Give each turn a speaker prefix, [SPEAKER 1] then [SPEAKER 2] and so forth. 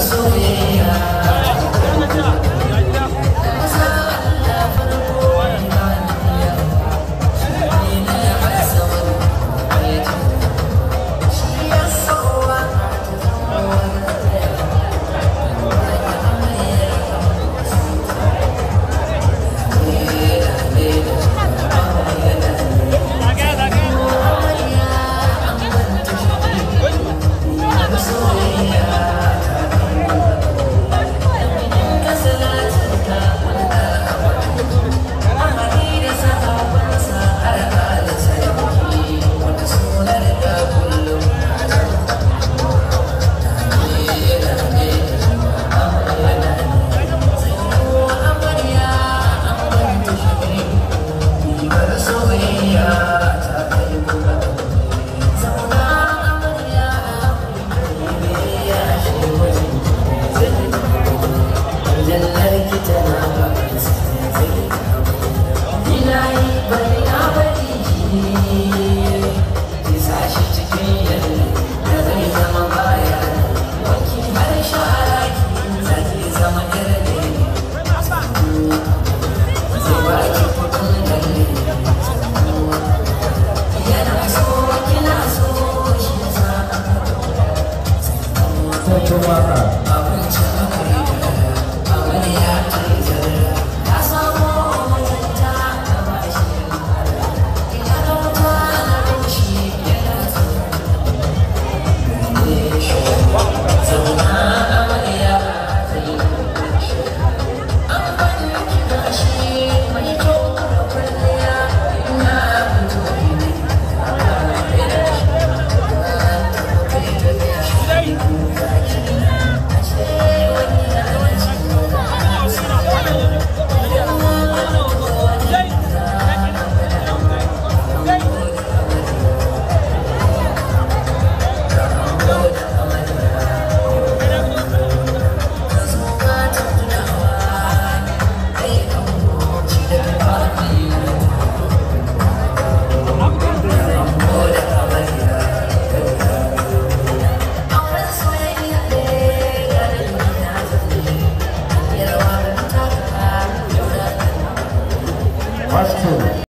[SPEAKER 1] so sorry.
[SPEAKER 2] me.
[SPEAKER 3] First two.